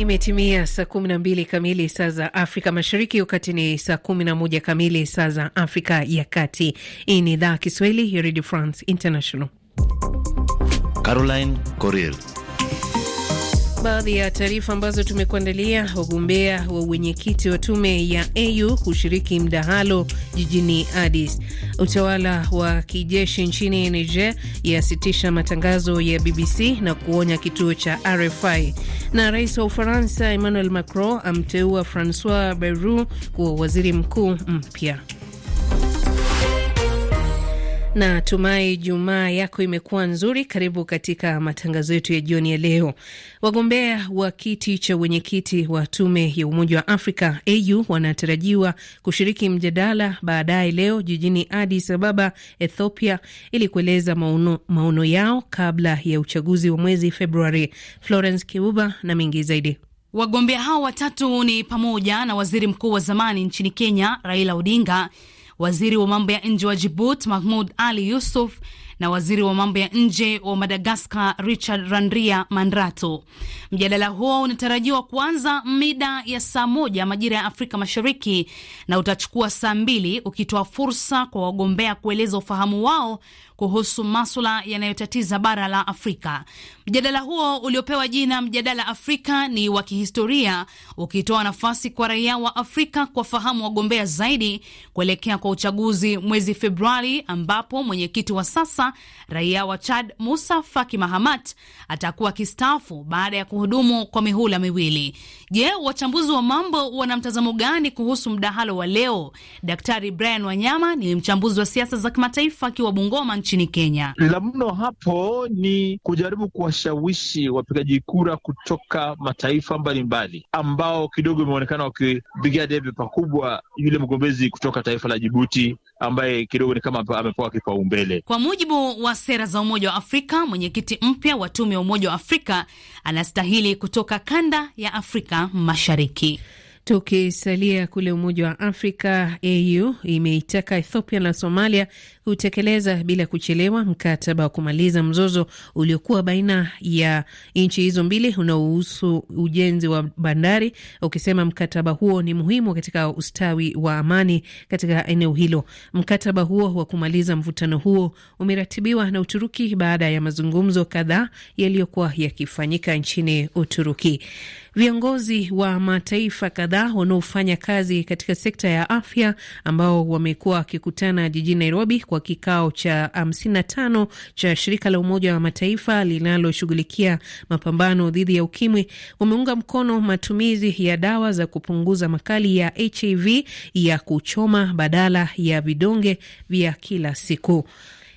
Imetimia saa 12 kamili saa za Afrika Mashariki, wakati ni saa 11 kamili saa za Afrika ya Kati. Hii ni idhaa Kiswahili ya Radio France International. Caroline Coril Baadhi ya taarifa ambazo tumekuandalia: wagombea wa wenyekiti wa tume ya AU kushiriki mdahalo jijini Addis. Utawala wa kijeshi nchini Niger yasitisha matangazo ya BBC na kuonya kituo cha RFI. Na rais wa Ufaransa Emmanuel Macron amteua Francois Bayrou kuwa waziri mkuu mpya. Na tumai Jumaa yako imekuwa nzuri. Karibu katika matangazo yetu ya jioni ya leo. Wagombea wa kiti cha wenyekiti wa tume ya Umoja wa Afrika AU wanatarajiwa kushiriki mjadala baadaye leo jijini Addis Ababa, Ethiopia, ili kueleza maono, maono yao kabla ya uchaguzi wa mwezi Februari. Florence Kiuba na mengi zaidi. Wagombea hao watatu ni pamoja na waziri mkuu wa zamani nchini Kenya Raila Odinga waziri wa mambo ya nje wa Jibut Mahmud Ali Yusuf na waziri wa mambo ya nje wa Madagaskar Richard Randria Mandrato. Mjadala huo unatarajiwa kuanza mida ya saa moja majira ya Afrika Mashariki na utachukua saa mbili ukitoa fursa kwa wagombea kueleza ufahamu wao kuhusu maswala yanayotatiza bara la Afrika. Mjadala huo uliopewa jina Mjadala Afrika ni wa kihistoria, ukitoa nafasi kwa raia wa Afrika kuwafahamu wagombea zaidi kuelekea kwa uchaguzi mwezi Februari, ambapo mwenyekiti wa sasa raia wa Chad Musa Faki Mahamat atakuwa kistaafu baada ya kuhudumu kwa mihula miwili. Je, wachambuzi wa mambo wana mtazamo gani kuhusu mdahalo wa leo? Daktari Brian Wanyama ni mchambuzi wa siasa za kimataifa akiwa Bungoma nchini Kenya. La mno hapo ni kujaribu kuwashawishi wapigaji kura kutoka mataifa mbalimbali ambao kidogo imeonekana wakipigia debe pakubwa yule mgombezi kutoka taifa la Jibuti ambaye kidogo ni kama amepewa kipaumbele. Kwa mujibu wa sera za Umoja wa Afrika, mwenyekiti mpya wa tume ya Umoja wa Afrika anastahili kutoka kanda ya Afrika Mashariki. Tukisalia kule Umoja wa Afrika, AU imeitaka Ethiopia na Somalia kutekeleza bila kuchelewa mkataba wa kumaliza mzozo uliokuwa baina ya nchi hizo mbili unaohusu ujenzi wa bandari, ukisema mkataba huo ni muhimu katika ustawi wa amani katika eneo hilo. Mkataba huo wa kumaliza mvutano huo umeratibiwa na Uturuki baada ya mazungumzo kadhaa yaliyokuwa yakifanyika nchini Uturuki. Viongozi wa mataifa kadhaa kadhaa wanaofanya kazi katika sekta ya afya ambao wamekuwa wakikutana jijini Nairobi kwa kikao cha 55 cha shirika la Umoja wa Mataifa linaloshughulikia mapambano dhidi ya ukimwi wameunga mkono matumizi ya dawa za kupunguza makali ya HIV ya kuchoma badala ya vidonge vya kila siku.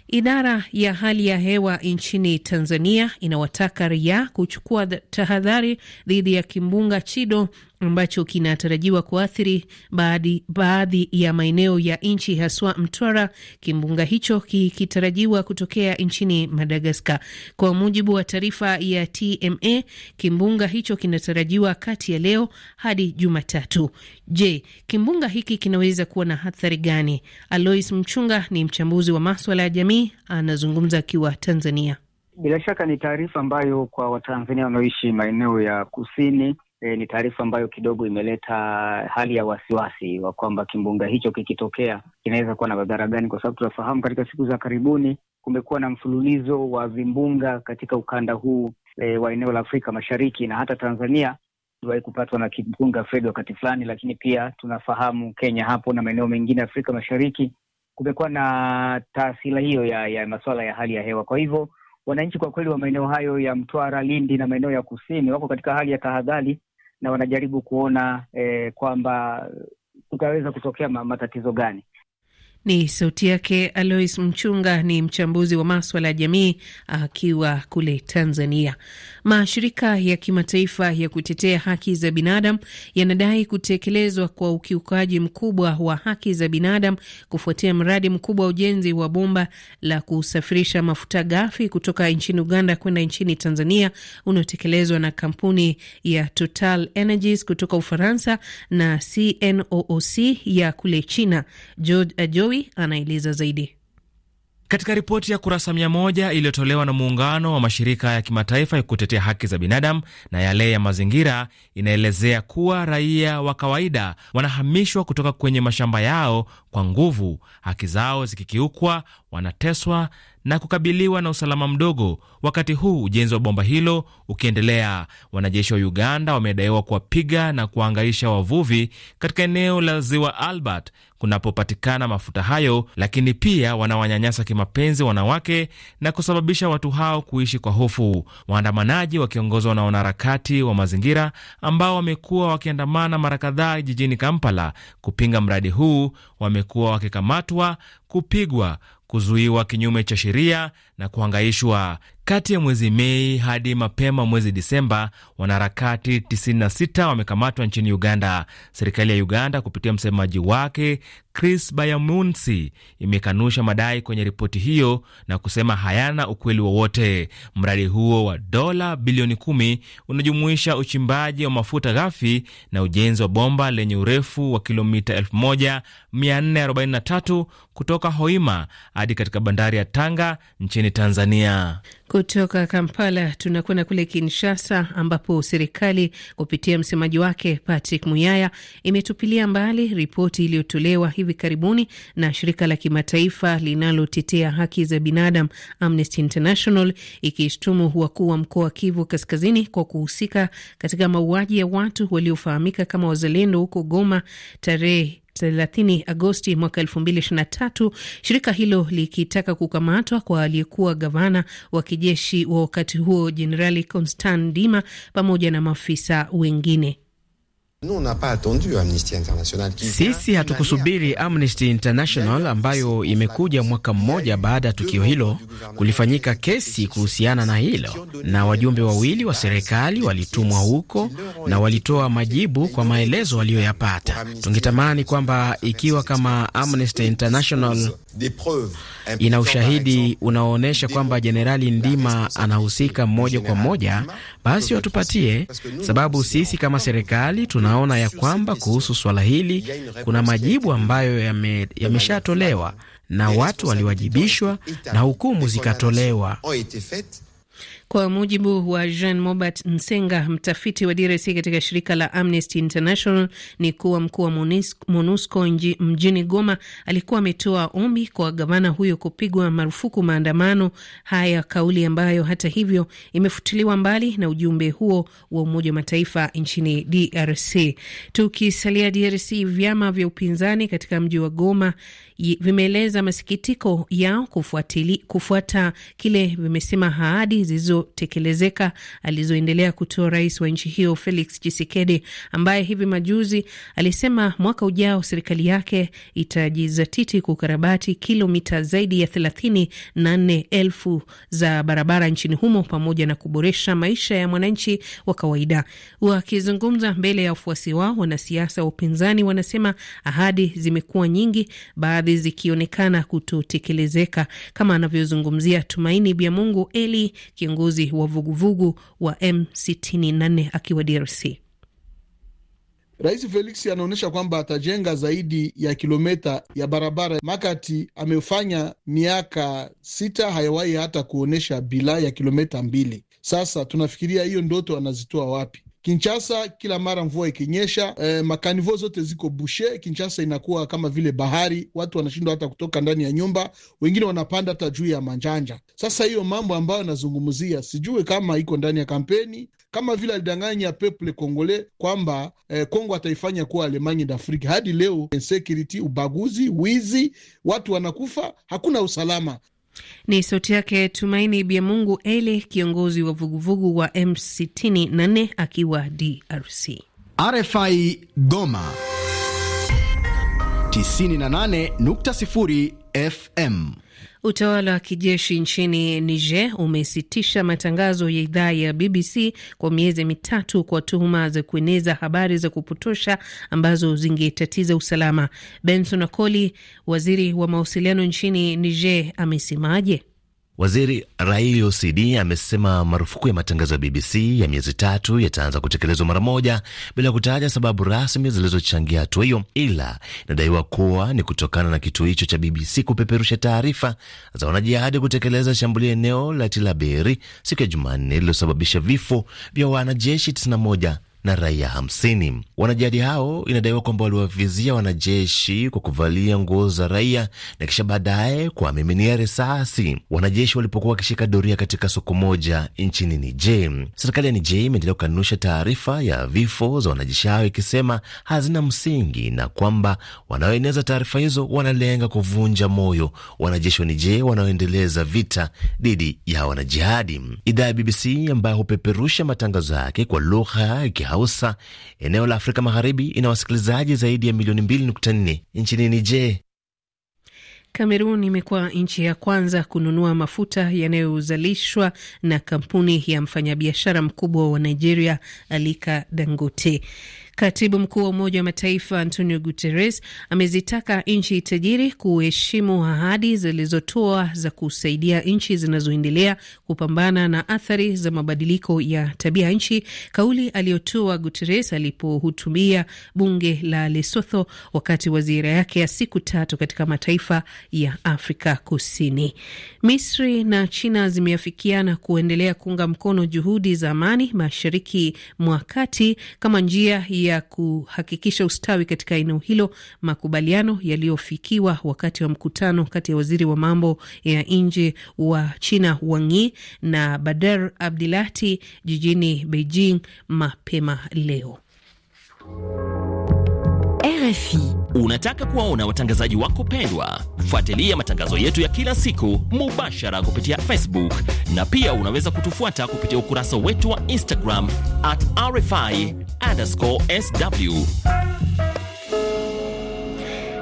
Idara ya hali ya hewa nchini Tanzania inawataka raia kuchukua tahadhari dhidi ya kimbunga Chido ambacho kinatarajiwa kuathiri baadhi, baadhi ya maeneo ya nchi haswa Mtwara, kimbunga hicho kikitarajiwa kutokea nchini Madagaskar. Kwa mujibu wa taarifa ya TMA, kimbunga hicho kinatarajiwa kati ya leo hadi Jumatatu. Je, kimbunga hiki kinaweza kuwa na athari gani? Alois Mchunga ni mchambuzi wa maswala ya jamii, anazungumza akiwa Tanzania. Bila shaka ni taarifa ambayo kwa Watanzania wanaoishi maeneo ya kusini e, ni taarifa ambayo kidogo imeleta hali ya wasiwasi wa kwamba kimbunga hicho kikitokea kinaweza kuwa na madhara gani, kwa sababu tunafahamu katika siku za karibuni kumekuwa na mfululizo wa vimbunga katika ukanda huu e, wa eneo la Afrika Mashariki na hata Tanzania iliwahi kupatwa na kimbunga Fred wakati fulani, lakini pia tunafahamu Kenya hapo na maeneo mengine ya Afrika Mashariki kumekuwa na taasila hiyo ya, ya masuala ya hali ya hewa. Kwa hivyo wananchi kwa kweli wa maeneo hayo ya Mtwara, Lindi na maeneo ya kusini wako katika hali ya tahadhari na wanajaribu kuona eh, kwamba kutaweza kutokea matatizo gani. Ni sauti yake Alois Mchunga, ni mchambuzi wa maswala ya jamii akiwa kule Tanzania. Mashirika ya kimataifa ya kutetea haki za binadamu yanadai kutekelezwa kwa ukiukaji mkubwa wa haki za binadamu kufuatia mradi mkubwa wa ujenzi wa bomba la kusafirisha mafuta ghafi kutoka nchini Uganda kwenda nchini Tanzania unaotekelezwa na kampuni ya Total Energies kutoka Ufaransa na CNOOC ya kule China. George Ajowi Mchawi anaeleza zaidi. Katika ripoti ya kurasa mia moja iliyotolewa na muungano wa mashirika ya kimataifa ya kutetea haki za binadamu na yale ya mazingira inaelezea kuwa raia wa kawaida wanahamishwa kutoka kwenye mashamba yao kwa nguvu, haki zao zikikiukwa, wanateswa na kukabiliwa na usalama mdogo, wakati huu ujenzi wa bomba hilo ukiendelea. Wanajeshi wa Uganda wamedaiwa kuwapiga na kuwaangaisha wavuvi katika eneo la ziwa Albert kunapopatikana mafuta hayo, lakini pia wanawanyanyasa kimapenzi wanawake na kusababisha watu hao kuishi kwa hofu. Waandamanaji wakiongozwa na wanaharakati wa mazingira ambao wamekuwa wakiandamana mara kadhaa jijini Kampala kupinga mradi huu wamekuwa wakikamatwa, kupigwa, kuzuiwa kinyume cha sheria na kuhangaishwa. Kati ya mwezi Mei hadi mapema mwezi Disemba, wanaharakati 96 wamekamatwa nchini Uganda. Serikali ya Uganda kupitia msemaji wake Chris Bayamunsi imekanusha madai kwenye ripoti hiyo na kusema hayana ukweli wowote. Mradi huo wa dola bilioni kumi unajumuisha uchimbaji wa mafuta ghafi na ujenzi wa bomba lenye urefu wa kilomita 1443 kutoka Hoima hadi katika bandari ya Tanga nchini Tanzania. Kutoka Kampala tunakwenda kule Kinshasa, ambapo serikali kupitia msemaji wake Patrick Muyaya imetupilia mbali ripoti iliyotolewa hivi karibuni na shirika la kimataifa linalotetea haki za binadamu Amnesty International, ikishtumu wakuu wa mkoa wa Kivu Kaskazini kwa kuhusika katika mauaji ya watu waliofahamika kama wazalendo huko Goma tarehe 30 Agosti mwaka 2023, shirika hilo likitaka kukamatwa kwa aliyekuwa gavana wa kijeshi wa wakati huo Jenerali Constant Ndima pamoja na maafisa wengine. Sisi hatukusubiri Amnesty International ambayo imekuja mwaka mmoja baada ya tukio hilo kulifanyika kesi kuhusiana na hilo, na wajumbe wawili wa serikali walitumwa huko na walitoa majibu kwa maelezo waliyoyapata. Tungetamani kwamba ikiwa kama Amnesty International Ina ushahidi unaoonyesha kwamba Jenerali Ndima anahusika moja kwa moja, basi watupatie, sababu sisi kama serikali tunaona ya kwamba kuhusu swala hili kuna majibu ambayo yameshatolewa, yame na watu waliwajibishwa na hukumu zikatolewa. Kwa mujibu wa Jean Mobert Nsenga, mtafiti wa DRC katika shirika la Amnesty International, ni kuwa mkuu wa MONUSCO mjini Goma alikuwa ametoa ombi kwa gavana huyo kupigwa marufuku maandamano haya, kauli ambayo hata hivyo imefutiliwa mbali na ujumbe huo wa Umoja wa Mataifa nchini DRC. Tukisalia DRC, vyama vya upinzani katika mji wa Goma vimeeleza masikitiko yao kufuatili, kufuata kile vimesema ahadi zilizotekelezeka alizoendelea kutoa rais wa nchi hiyo Felix Chisekedi, ambaye hivi majuzi alisema mwaka ujao serikali yake itajizatiti kukarabati kilomita zaidi ya nne elfu za barabara nchini humo pamoja na kuboresha maisha ya mwananchi wa kawaida. Wakizungumza mbele ya wafuasi wao, wanasiasa wa upinzani wanasema ahadi zimekuwa nyingi, baadhi zikionekana kutotekelezeka, kama anavyozungumzia Tumaini Mungu Eli, kiongozi wa vuguvugu wa M68 akiwa DRC. Rais Felix anaonyesha kwamba atajenga zaidi ya kilometa ya barabara. Makati amefanya miaka sita, hayawahi hata kuonyesha bila ya kilometa mbili. Sasa tunafikiria hiyo ndoto anazitoa wapi? Kinshasa kila mara mvua ikinyesha, e, eh, makanivo zote ziko bushe. Kinshasa inakuwa kama vile bahari, watu wanashindwa hata kutoka ndani ya nyumba, wengine wanapanda hata juu ya manjanja. Sasa hiyo mambo ambayo anazungumzia sijui kama iko ndani ya kampeni, kama vile alidanganya peple kongole kwamba eh, Kongo ataifanya kuwa Alemanya na Afrika. Hadi leo insecurity, ubaguzi, wizi, watu wanakufa, hakuna usalama. Ni sauti yake Tumaini bia mungu Ele, kiongozi wa vuguvugu wa M64 akiwa DRC. RFI Goma 98.0 FM. Utawala wa kijeshi nchini Niger umesitisha matangazo ya idhaa ya BBC kwa miezi mitatu kwa tuhuma za kueneza habari za kupotosha ambazo zingetatiza usalama. Benson Akoli, waziri wa mawasiliano nchini Niger, amesemaje? Waziri Raila OCD amesema marufuku ya matangazo ya BBC ya miezi tatu yataanza kutekelezwa mara moja bila kutaja sababu rasmi zilizochangia hatua hiyo, ila inadaiwa kuwa ni kutokana na kituo hicho cha BBC kupeperusha taarifa za wanajihadi kutekeleza shambulio eneo la Tilaberi siku ya Jumanne lililosababisha vifo vya wanajeshi 91 na raia hamsini. Wanajihadi hao inadaiwa kwamba waliwavizia wanajeshi kwa kuvalia nguo za raia na kisha baadaye kuwamiminia risasi wanajeshi walipokuwa wakishika doria katika soko moja nchini Niger. Serikali ya Niger imeendelea kukanusha taarifa ya vifo za wanajeshi hao ikisema hazina msingi na kwamba wanaoeneza taarifa hizo wanalenga kuvunja moyo wanajeshi wa Niger wanaoendeleza vita dhidi ya wanajihadi. Idhaa ya BBC ambayo hupeperusha matangazo yake kwa lugha Hausa eneo la Afrika Magharibi ina wasikilizaji zaidi ya milioni 2.4 nchini Niger. Kamerun imekuwa nchi ya kwanza kununua mafuta yanayozalishwa na kampuni ya mfanyabiashara mkubwa wa Nigeria Alika Dangote. Katibu mkuu wa Umoja wa Mataifa Antonio Guterres amezitaka nchi tajiri kuheshimu ahadi zilizotoa za kusaidia nchi zinazoendelea kupambana na athari za mabadiliko ya tabia nchi, kauli aliyotoa Guterres alipohutubia bunge la Lesotho wakati wa ziara yake ya siku tatu katika mataifa ya Afrika Kusini. Misri na China zimeafikiana kuendelea kuunga mkono juhudi za amani mashariki mwa kati kama njia ya kuhakikisha ustawi katika eneo hilo, makubaliano yaliyofikiwa wakati wa mkutano kati ya waziri wa mambo ya nje wa China Wang Yi na Badar Abdilati jijini Beijing mapema leo. RFI. Unataka kuwaona watangazaji wako pendwa? Fuatilia matangazo yetu ya kila siku mubashara kupitia Facebook na pia unaweza kutufuata kupitia ukurasa wetu wa Instagram at RFI underscore sw.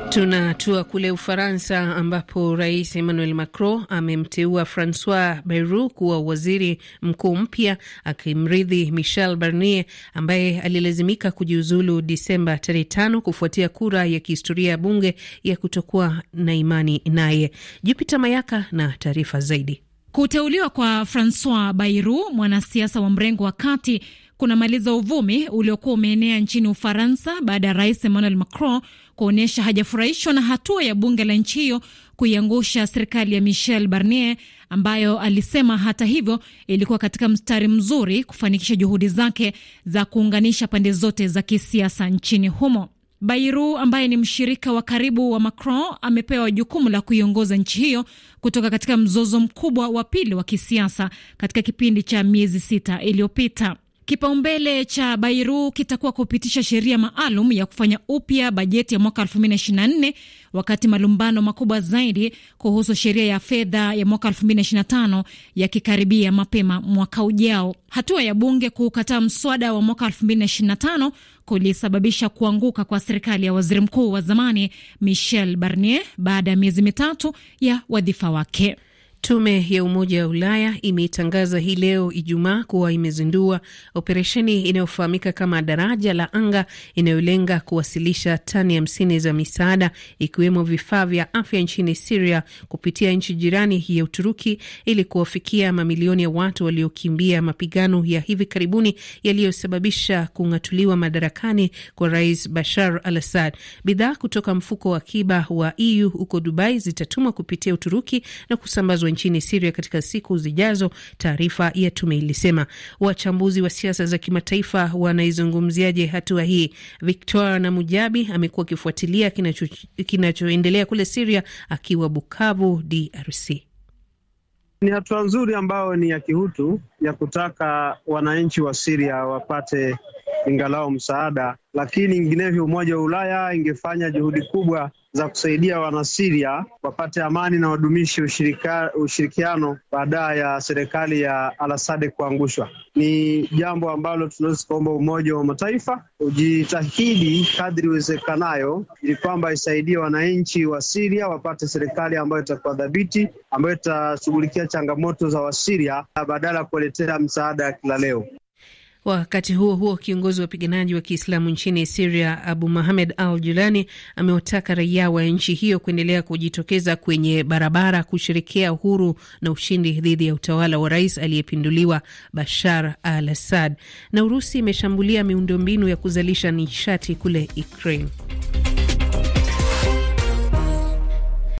Tunatua kule Ufaransa ambapo Rais Emmanuel Macron amemteua Francois Bayrou kuwa waziri mkuu mpya akimrithi Michel Barnier ambaye alilazimika kujiuzulu Disemba tarehe tano kufuatia kura ya kihistoria ya bunge ya kutokuwa na imani naye. jupita Mayaka na taarifa zaidi. Kuteuliwa kwa Francois Bayrou, mwanasiasa wa mrengo wa kati kunamaliza uvumi uliokuwa umeenea nchini Ufaransa baada ya rais Emmanuel Macron kuonyesha hajafurahishwa na hatua ya bunge la nchi hiyo kuiangusha serikali ya Michel Barnier ambayo alisema hata hivyo ilikuwa katika mstari mzuri kufanikisha juhudi zake za kuunganisha pande zote za kisiasa nchini humo. Bayrou ambaye ni mshirika wa karibu wa Macron amepewa jukumu la kuiongoza nchi hiyo kutoka katika mzozo mkubwa wa pili wa kisiasa katika kipindi cha miezi sita iliyopita. Kipaumbele cha Bairu kitakuwa kupitisha sheria maalum ya kufanya upya bajeti ya mwaka 2024 wakati malumbano makubwa zaidi kuhusu sheria ya fedha ya mwaka 2025 yakikaribia mapema mwaka ujao. Hatua ya bunge kuukataa mswada wa mwaka 2025 kulisababisha kuanguka kwa serikali ya waziri mkuu wa zamani Michel Barnier baada ya miezi mitatu ya wadhifa wake. Tume ya Umoja wa Ulaya imeitangaza hii leo Ijumaa kuwa imezindua operesheni inayofahamika kama daraja la anga inayolenga kuwasilisha tani hamsini za misaada ikiwemo vifaa vya afya nchini Siria kupitia nchi jirani ya Uturuki ili kuwafikia mamilioni ya watu waliokimbia mapigano ya hivi karibuni yaliyosababisha kung'atuliwa madarakani kwa Rais Bashar al Assad. Bidhaa kutoka mfuko wa akiba wa EU huko Dubai zitatumwa kupitia Uturuki na kusambazwa nchini Siria katika siku zijazo, taarifa ya tume ilisema. Wachambuzi wa siasa za kimataifa wanaizungumziaje hatua hii? Victor na Mujabi amekuwa akifuatilia kinachoendelea kule Siria akiwa Bukavu, DRC. Ni hatua nzuri ambayo ni ya kihutu ya kutaka wananchi wa Siria wapate ingalao msaada, lakini inginevyo Umoja wa Ulaya ingefanya juhudi kubwa za kusaidia wanasiria wapate amani na wadumishi ushirikiano baada ya serikali ya Alasade kuangushwa. Ni jambo ambalo tunaweza kuomba Umoja wa Mataifa ujitahidi kadri iwezekanayo, ili kwamba isaidie wananchi wa Siria wapate serikali ambayo itakuwa dhabiti, ambayo itashughulikia changamoto za Wasiria badala ya kuwaletea msaada ya kila leo. Wakati huo huo, kiongozi wa wapiganaji wa Kiislamu nchini Siria Abu Mohamed Al Julani amewataka raia wa nchi hiyo kuendelea kujitokeza kwenye barabara kusherekea uhuru na ushindi dhidi ya utawala wa rais aliyepinduliwa Bashar al Assad. Na Urusi imeshambulia miundombinu ya kuzalisha nishati kule Ukraine.